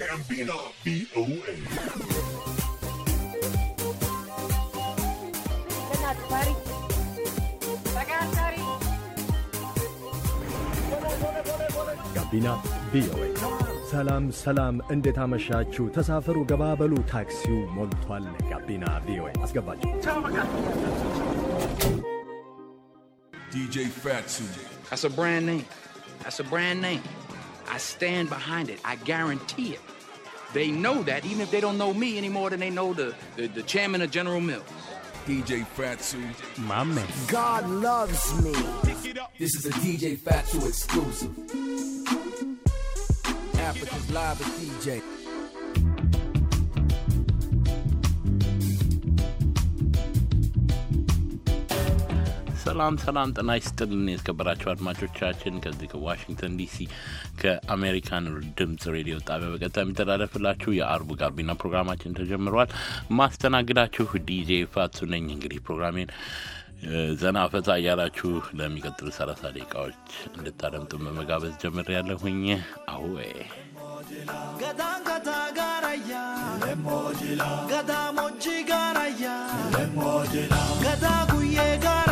ጋቢና ቪኦኤ ጋቢና ቪኦኤ። ሰላም ሰላም፣ እንዴት አመሻችሁ? ተሳፈሩ፣ ገባበሉ፣ ታክሲው ሞልቷል። ጋቢና ቪኦኤ አስገባችሁ። DJ Fatsu. That's a brand name. That's a brand name. I stand behind it. I guarantee it. They know that, even if they don't know me any more than they know the, the, the chairman of General Mills. DJ Fatsu. My man. God loves me. This is a DJ Fatsu exclusive. Africa's Live with DJ. ሰላም ሰላም፣ ጤና ይስጥልን የተከበራችሁ አድማጮቻችን ከዚህ ከዋሽንግተን ዲሲ ከአሜሪካን ድምጽ ሬዲዮ ጣቢያ በቀጥታ የሚተላለፍላችሁ የአርቡ ጋቢና ፕሮግራማችን ተጀምሯል። ማስተናግዳችሁ ዲጄ ፋቱ ነኝ። እንግዲህ ፕሮግራሜን ዘና ፈታ እያላችሁ ለሚቀጥሉ 30 ደቂቃዎች እንድታደምጡን በመጋበዝ ጀምር ያለሁኝ። አዌ ገዳሞች ጋራያ ገዳ ጉዬ ጋራ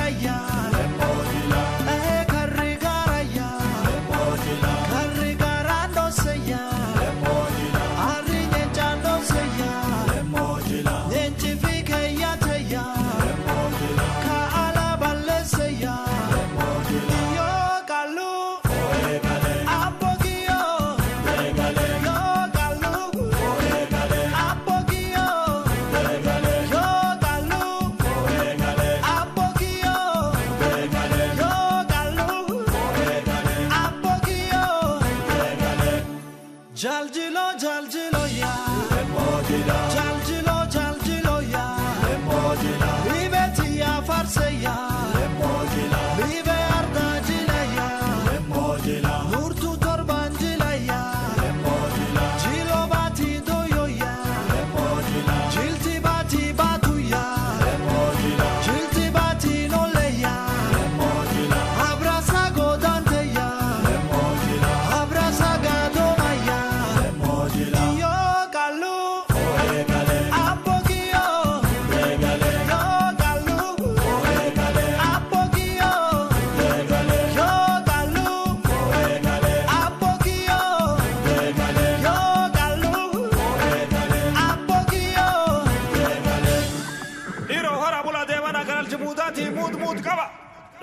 मोद कावा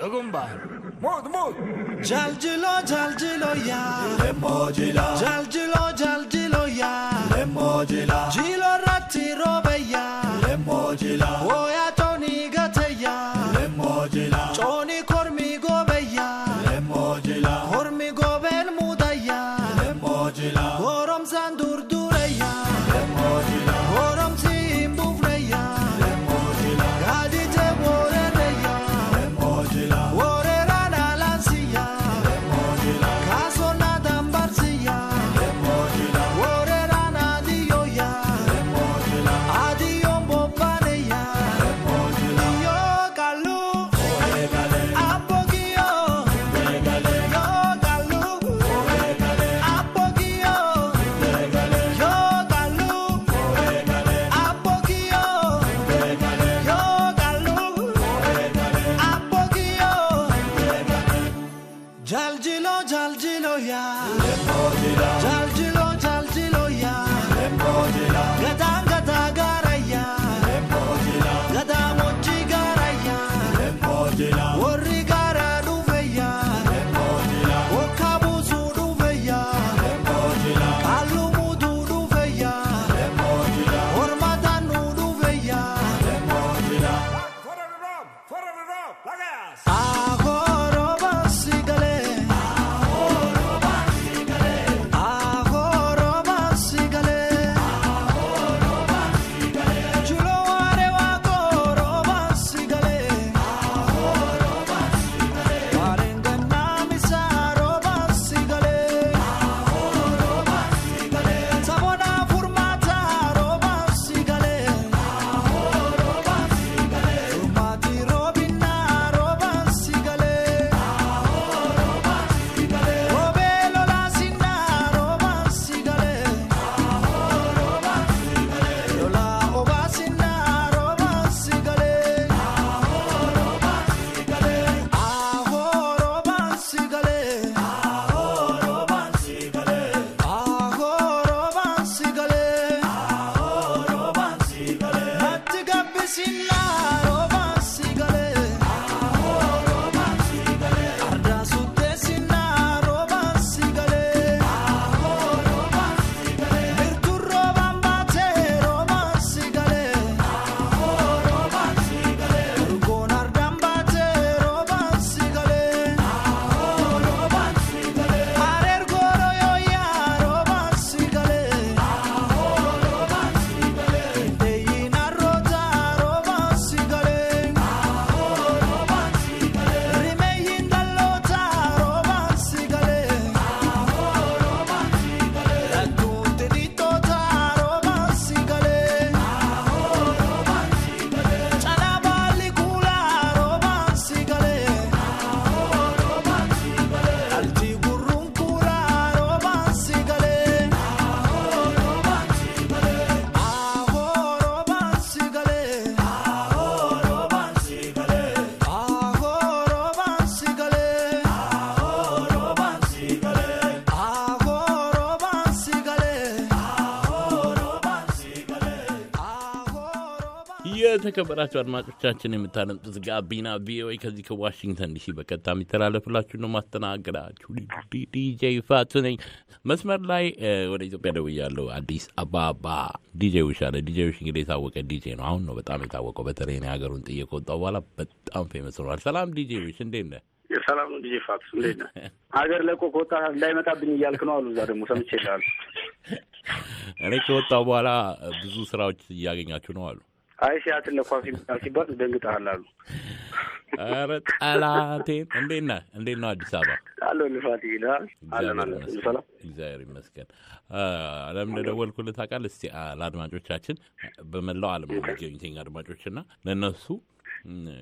लगुंबार मोद मोद झलझिलो झलझिलो या लेमो जिला झलझिलो झलझिलो या लेमो जिला झिलो राती रोबे या लेमो जिला ओया የተከበራችሁ አድማጮቻችን የምታደምጡት ጋቢና ቪኦኤ ከዚህ ከዋሽንግተን ዲሲ በቀጥታ የሚተላለፍላችሁ ነው። ማስተናገዳችሁ ዲጄ ፋቱ ነኝ። መስመር ላይ ወደ ኢትዮጵያ ደውያለሁ። አዲስ አበባ ዲጄ ውሽ አለ። ዲጄ ውሽ እንግዲህ የታወቀ ዲጄ ነው። አሁን ነው በጣም የታወቀው። በተለይ እኔ ሀገሩን ጥዬ ከወጣሁ በኋላ በጣም ፌመስ ሆኗል። ሰላም ዲጄ ውሽ እንዴት ነህ? ሰላም ነው ዲጄ ፋቱ እንዴት ነህ? ሀገር ለቆ ከወጣ እንዳይመጣብኝ እያልክ ነው አሉ። እዛ ደግሞ ሰምቼ እልሀለሁ። እኔ ከወጣሁ በኋላ ብዙ ስራዎች እያገኛችሁ ነው አሉ አይ ሲያት ለኳስ ይመጣል ሲባል ደንግጠሃል አሉ። ኧረ ጠላቴን። እንዴት ነህ? እንዴት ነው አዲስ አበባ? አለሁ ልፋት ይላል እግዚአብሔር ይመስገን። ለምን ደወልኩልህ ታውቃለህ? እስቲ ለአድማጮቻችን በመላው ዓለም የሚገኙትኝ አድማጮች አድማጮችና ለእነሱ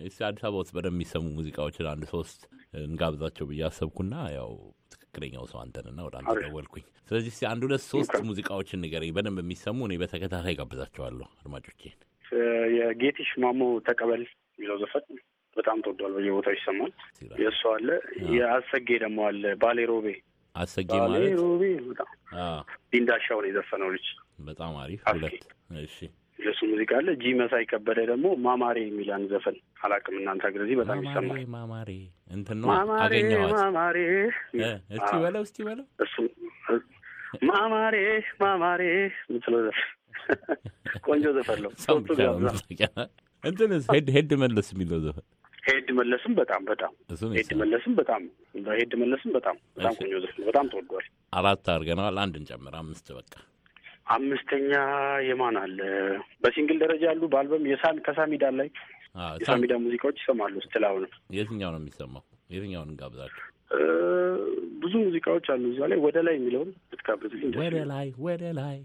እስቲ አዲስ አበባ ውስጥ በደንብ የሚሰሙ ሙዚቃዎችን አንድ ሶስት እንጋብዛቸው ብዬ አሰብኩና ያው ትክክለኛው ሰው አንተንና ወደ አንተ ደወልኩኝ። ስለዚህ እስቲ አንድ ሁለት ሶስት ሙዚቃዎችን ንገረኝ በደንብ የሚሰሙ እኔ በተከታታይ ጋብዛቸዋለሁ አድማጮቼን የጌቲሽ ማሞ ተቀበል የሚለው ዘፈን በጣም ተወዷል። በየቦታው ይሰማል። የእሱ አለ። የአሰጌ ደግሞ አለ። ባሌ ሮቤ አሰጌ ማለት ሮቤ በጣም ዲንዳሻውን የዘፈነው ልጅ በጣም አሪፍ ሁለት። እሺ የእሱ ሙዚቃ አለ። ጂ መሳይ ከበደ ደግሞ ማማሬ የሚላን ዘፈን አላቅም እናንተ ግረዚህ በጣም ይሰማል። ማማሬ እንትን ነው አገኘዋት። ማማሬ እስቲ በለው እስቲ በለው እሱ ማማሬ ማማሬ ምትለው ዘፈን ቆንጆ ዘፈን ነው። እንትን ሄድ ሄድ መለስ የሚለው ዘፈን ሄድ መለስም በጣም በጣም ሄድ መለስም በጣም ሄድ መለስም በጣም በጣም ቆንጆ ዘፈን በጣም ተወዷል። አራት አድርገነዋል። አንድ እንጨምር። አምስት በቃ አምስተኛ የማን አለ? በሲንግል ደረጃ ያሉ በአልበም የሳን ከሳሚዳን ላይ የሳሚዳ ሙዚቃዎች ይሰማሉ። ስትላሁን የትኛው ነው የሚሰማው? የትኛውን እንጋብዛቸው? ብዙ ሙዚቃዎች አሉ እዛ ላይ። ወደ ላይ የሚለውን ብትጋብዝልኝ ወደ ላይ ወደ ላይ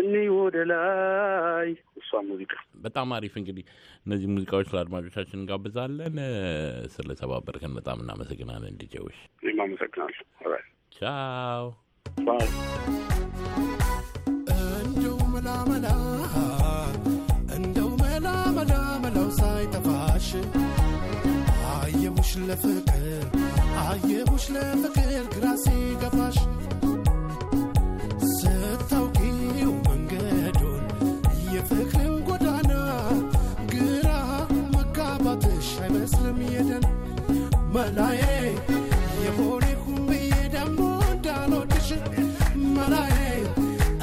እኔ ወደ ላይ እሷ ሙዚቃ በጣም አሪፍ። እንግዲህ እነዚህ ሙዚቃዎች ለአድማጮቻችን እንጋብዛለን። ስለተባበርከን በጣም እናመሰግናለን። ዲጄዎች እኔም አመሰግናለሁ። ቻው እንደው መላመላ እንደው መላመላ መላው ሳይጠፋሽ አየሁሽ ለፍቅር አየሁሽ ለፍቅር ግራ ሲገባሽ ስለሚሄደን መላዬ የሆነ ብዬ እንዳልወድሽ መላዬ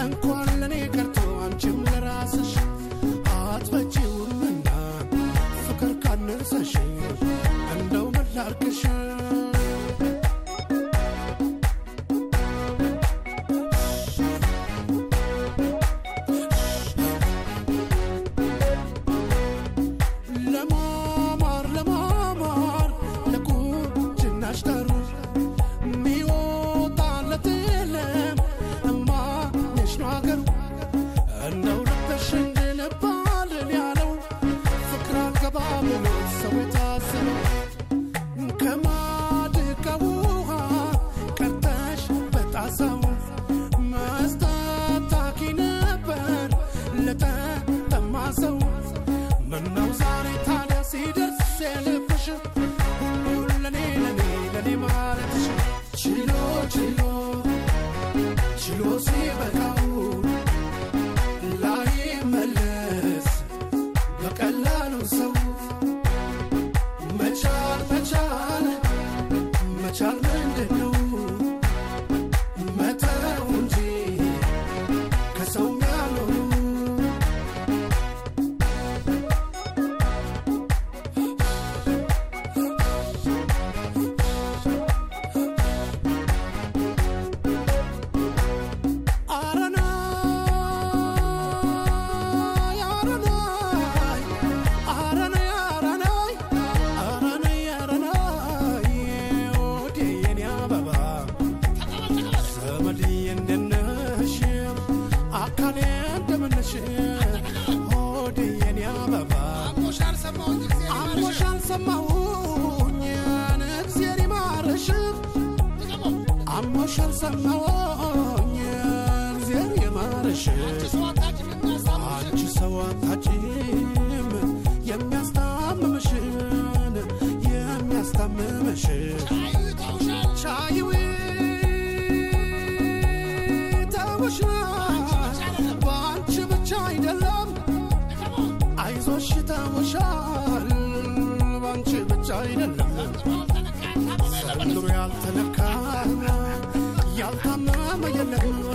እንኳን ቀርቶ አንቺም ለራስሽ አትበጪውምና ፍቅር ካነሰሽ እንደው ያልሰማኝ እግዜር ይማርሽ አንቺ ሰው አታጭም የሚያስታምምሽን የሚያስታምምሽን ሻይዊ ተውሻል በአንቺ ብቻ አይደለም አይዞሽ ተውሻል yeah.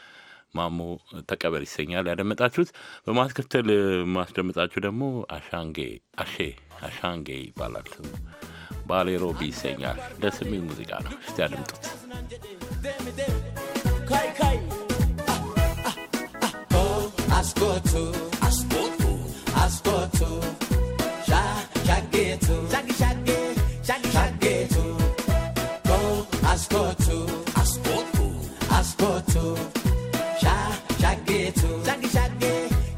ማሞ ተቀበል ይሰኛል ያደመጣችሁት። በማስከተል ማስደመጣችሁ ደግሞ አሻንጌ አሼ አሻንጌ ይባላል። ባሌሮቢ ይሰኛል። ደስ የሚል ሙዚቃ ነው። እስቲ ያድምጡት። አስኮቱ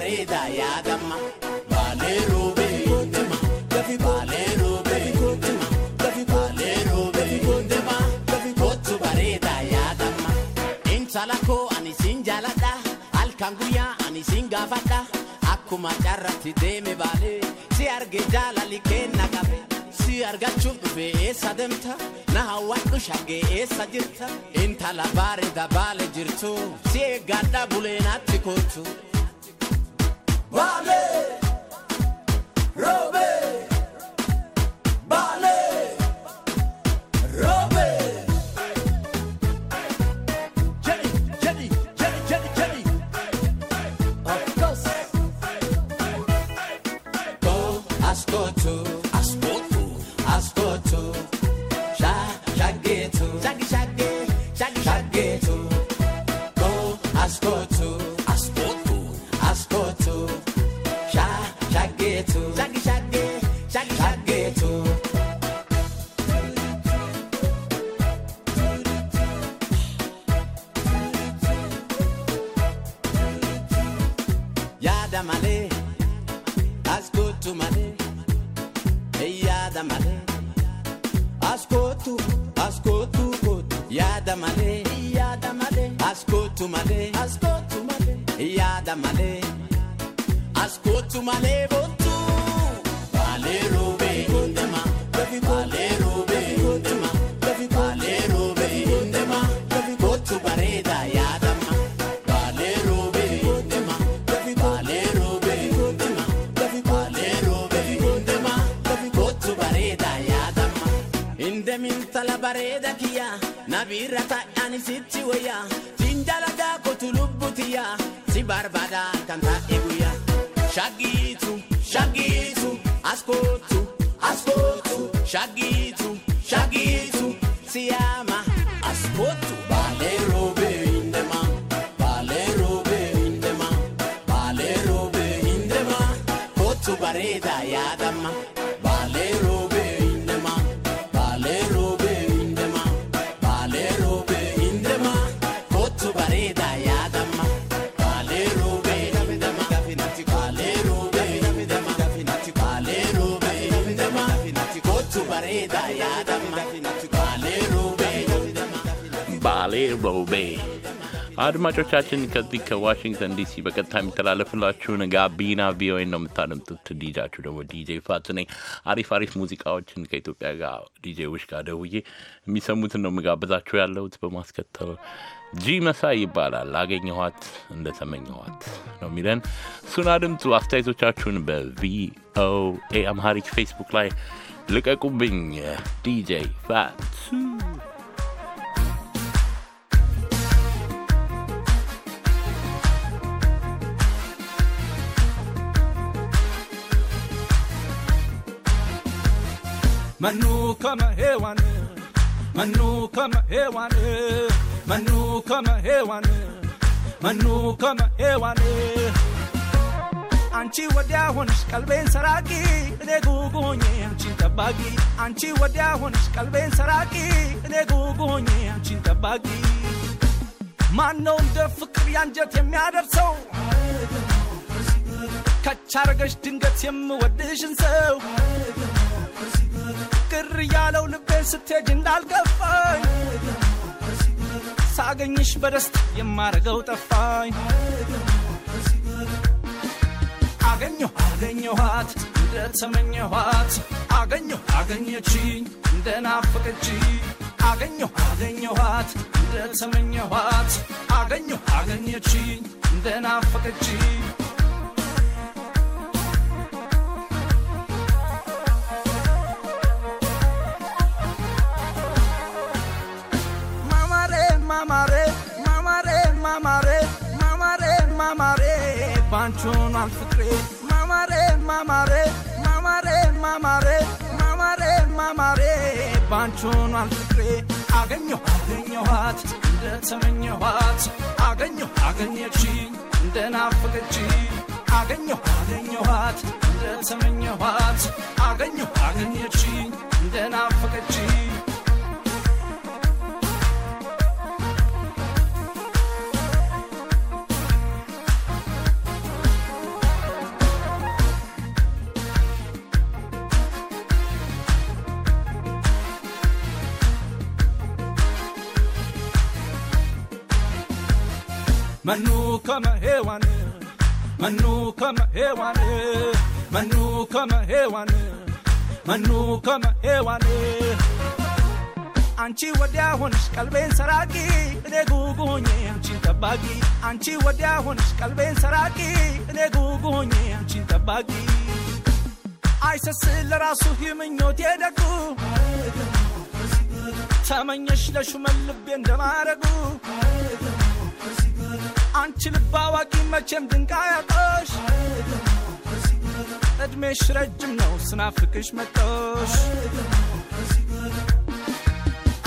bareeda yaadama baalee roobee baalee baalee ani siin jaaladha halkan guyyaa ani siin gaafadha akkuma carratti deeme baalee si arge jaalali keenna qabe si argachuuf dhufee eessa demta na hawwadhu shaggee eessa jirta intala bareeda baale jirtu si eeggadha buleenatti kootu. Bobby. Asu malee yaada malee as kootu as malee yaada malee as kootu malee as yaada malee as kootu malee bootu. Baalee roobee hundeema baalee bareeda. bareeda kiyya nabiirra ta'anii sitti wayya jindala daakutu lubbutiyya si barbaada kan taa'e guyya. Shagiitu shagiitu askootu askootu shagiitu shagiitu siyaama askootu. Baalee roobee hin deemaa baalee roobee hin kootu bareeda yaadama. ሮቤ አድማጮቻችን ከዚህ ከዋሽንግተን ዲሲ በቀጥታ የሚተላለፍላችሁን ጋቢና ቪኦኤ ነው የምታደምጡት። ዲጃችሁ ደግሞ ዲጄ ፋት ነኝ። አሪፍ አሪፍ ሙዚቃዎችን ከኢትዮጵያ ጋር ዲጄዎች ጋር ደውዬ የሚሰሙትን ነው የምጋብዛችሁ ያለሁት። በማስከተል ጂ መሳይ ይባላል። አገኘኋት እንደተመኘኋት ነው የሚለን። እሱን አድምጡ። አስተያየቶቻችሁን በቪኦኤ አምሃሪክ ፌስቡክ ላይ ልቀቁብኝ። ዲጄ ፋት Manu kama hewani, manu kama hewani, manu kama hewani, manu kama hewani. አንቺ ወዲያ ሆንሽ ቀልቤን ሰራቂ እኔ ጉጉ ሆኜ አንቺን ጠባቂ አንቺ ወዲያ ሆንሽ ቀልቤን ሰራቂ እኔ ጉጉ ሆኜ አንቺን ጠባቂ ማነው እንደ ፍቅር ያንጀት የሚያደርሰው ከቻርገሽ ድንገት የምወድሽን ሰው ምርር ያለው ልቤን ስትሄድ እንዳልከፋኝ ሳገኝሽ በደስታ የማረገው ጠፋኝ። አገኘሁ አገኘኋት እንደተመኘኋት አገኘሁ አገኘችኝ እንደናፈቀች አገኘሁ አገኘኋት እንደተመኘኋት አገኘሁ አገኘችኝ እንደናፈቀችኝ ማማን ፍቅሬ ማማሬ ማማሬ ማማሬ ማማሬ ማማሬ ማማሬ ባንቾኗን ፍቅሬ አገኘሁ አገኘኋት እንደ ተመኘኋት አገኘሁ አገኘችኝ እንደ ናፈቀችኝ አገኘሁ አገኘኋት እንደ ተመኘኋት አገኘሁ አገኘችኝ እንደ ናፈቀችኝ Manu kama hewane, manu kama hewane, manu kama hewane, manu kama hewane. አንቺ ወዲያ ሆንሽ ቀልቤን ሰራቂ እኔ ጉጉ ሆኜ አንቺን ጠባቂ አንቺ ወዲያ ሆንሽ ቀልቤን ሰራቂ እኔ ጉጉ ሆኜ አንቺን ጠባቂ አይሰስ ለራሱ ምኞቴ ደጉ ተመኘሽ ለሹመን ልቤ እንደማረጉ አንቺ ልብ አዋቂ መቼም ድንቃ አያጣሽ እድሜሽ ረጅም ነው ስናፍቅሽ መጦሽ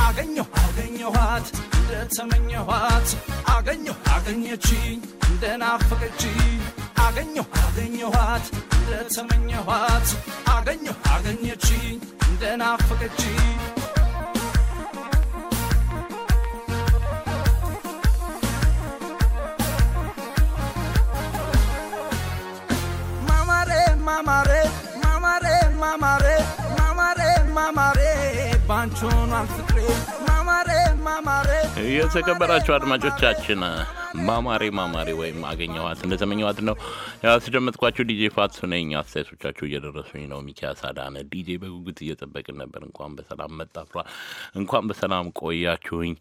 አገኘሁ አገኘኋት እንደተመኘኋት አገኘሁ አገኘችኝ እንደናፈቀችኝ አገኘሁ አገኘኋት እንደተመኘኋት አገኘሁ አገኘችኝ እንደናፈቀችኝ ማማሬ ማማሬ ማማሬ ማማሬ ማማሬ ባንቾን አልፍቅሬ የተከበራችሁ አድማጮቻችን ማማሬ ማማሬ ወይም አገኘኋት እንደተመኘኋት ነው ያስደመጥኳችሁ። ዲጄ ፋትሱ ነኝ። አስተያየቶቻችሁ እየደረሱኝ ነው። ሚኪያስ አዳነ ዲጄ በጉጉት እየጠበቅን ነበር። እንኳን በሰላም መጣ እንኳን በሰላም ቆያችሁኝ።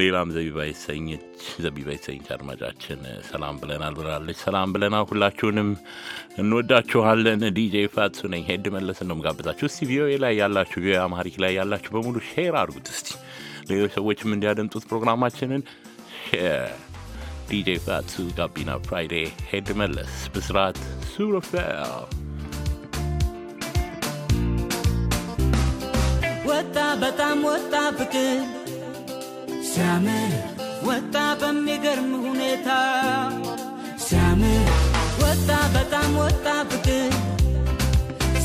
ሌላም ዘቢባ ይሰኝች ዘቢባ ይሰኝች አድማጫችን ሰላም ብለናል ብላለች። ሰላም ብለናል። ሁላችሁንም እንወዳችኋለን። ዲጄ ፋትሱ ነኝ። ሄድ መለስ ነው ምጋብዛችሁ። እስቲ ቪኦኤ ላይ ያላችሁ ቪኦኤ አማሪክ ላይ ያላችሁ በሙሉ ሼር አድርጉት እስቲ ሌሎች ሰዎችም እንዲያደምጡት ፕሮግራማችንን ዲጄ ፋቱ ጋቢና ፍራይዴ ሄድ መለስ ብስራት ሱረፌል ወጣ፣ በጣም ወጣ፣ ፍቅር ሲያምር ወጣ፣ በሚገርም ሁኔታ ሲያምር ወጣ፣ በጣም ወጣ፣ ፍቅር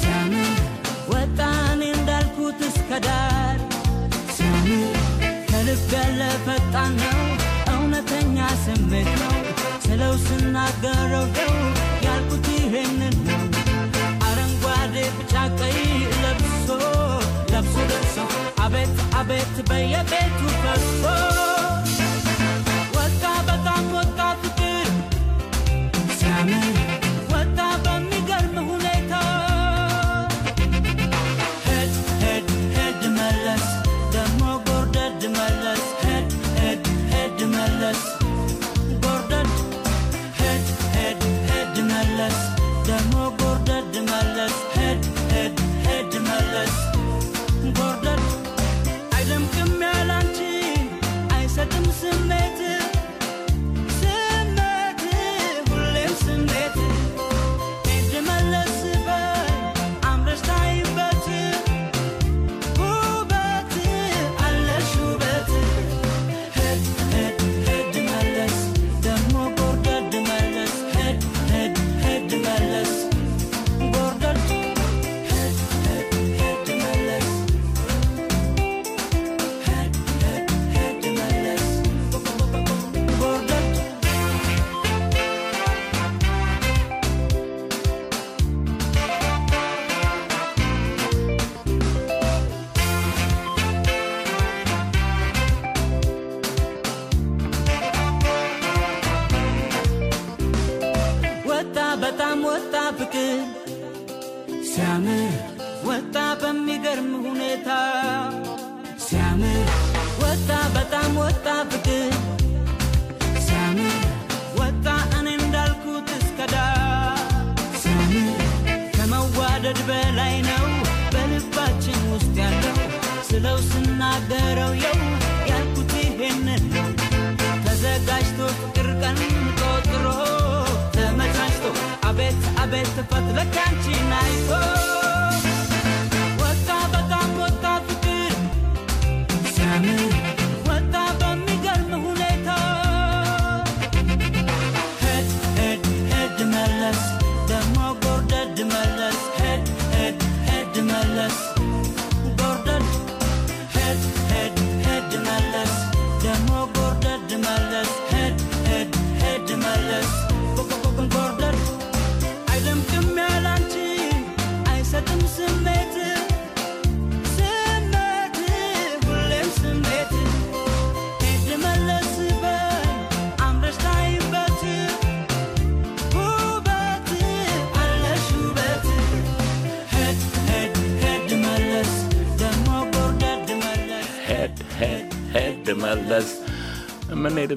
ሲያምር ወጣ፣ እኔ እንዳልኩት እስከዳር። ከልብ ያለ ፈጣን ነው፣ እውነተኛ ስሜት ነው። ስለው ስናገረው ደው ያልኩት ይሄንን ነው። አረንጓዴ ቢጫ ቀይ ለብሶ ለብሶ ደርሶ አቤት አቤት በየቤቱ ፈሶ ወጣ በጣም ወጣ ፍቅር ሲያምር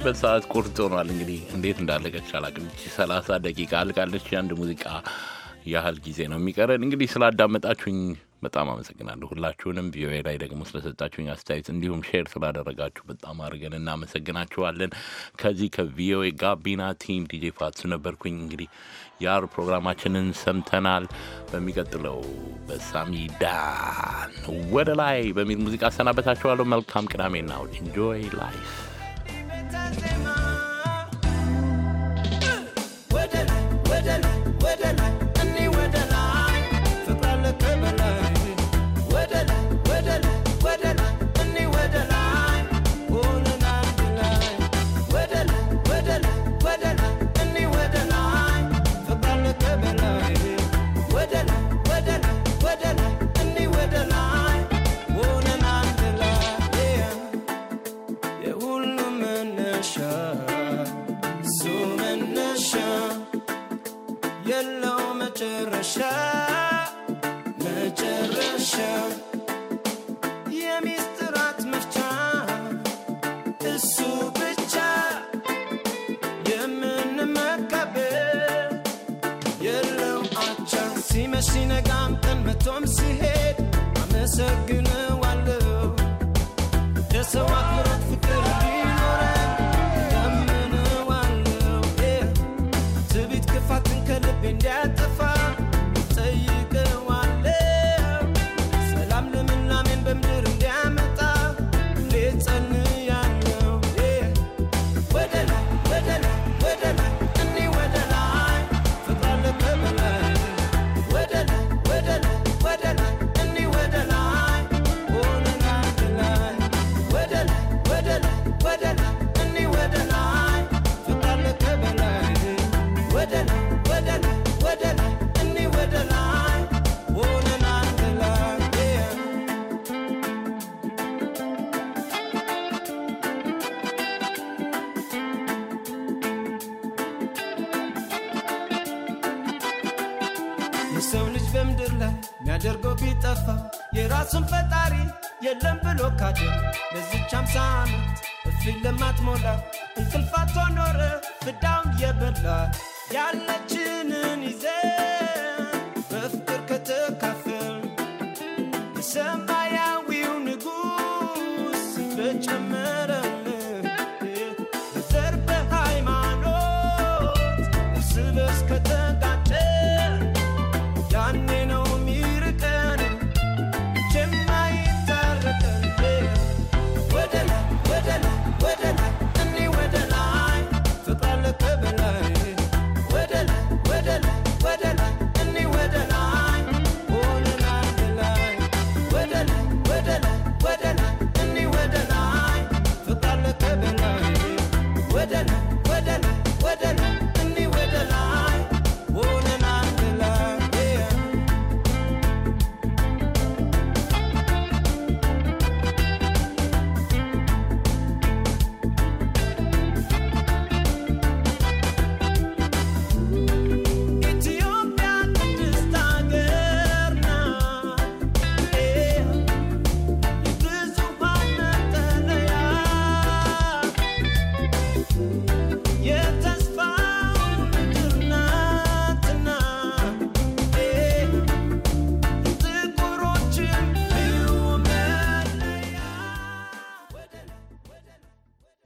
የምንጨርስበት ሰዓት ቁርጥ ሆኗል። እንግዲህ እንዴት እንዳለቀች አላቅም። 30 ደቂቃ አልቃለች። አንድ ሙዚቃ ያህል ጊዜ ነው የሚቀረን። እንግዲህ ስላዳመጣችሁኝ በጣም አመሰግናለሁ። ሁላችሁንም ቪኦኤ ላይ ደግሞ ስለሰጣችሁኝ አስተያየት እንዲሁም ሼር ስላደረጋችሁ በጣም አድርገን እናመሰግናችኋለን። ከዚህ ከቪኦኤ ጋቢና ቲም ዲጄ ፋትሱ ነበርኩኝ። እንግዲህ ያር ፕሮግራማችንን ሰምተናል። በሚቀጥለው በሳሚዳን ወደ ላይ በሚል ሙዚቃ አሰናበታችኋለሁ። መልካም ቅዳሜ እሑድ። ኢንጆይ ላይፍ Santas de ራሱን ፈጣሪ የለም ብሎ ካደ ለዚች አምሳ ዓመት እፊ ለማትሞላ እንቅልፋቶ ኖረ ፍዳውን የበላ ያለች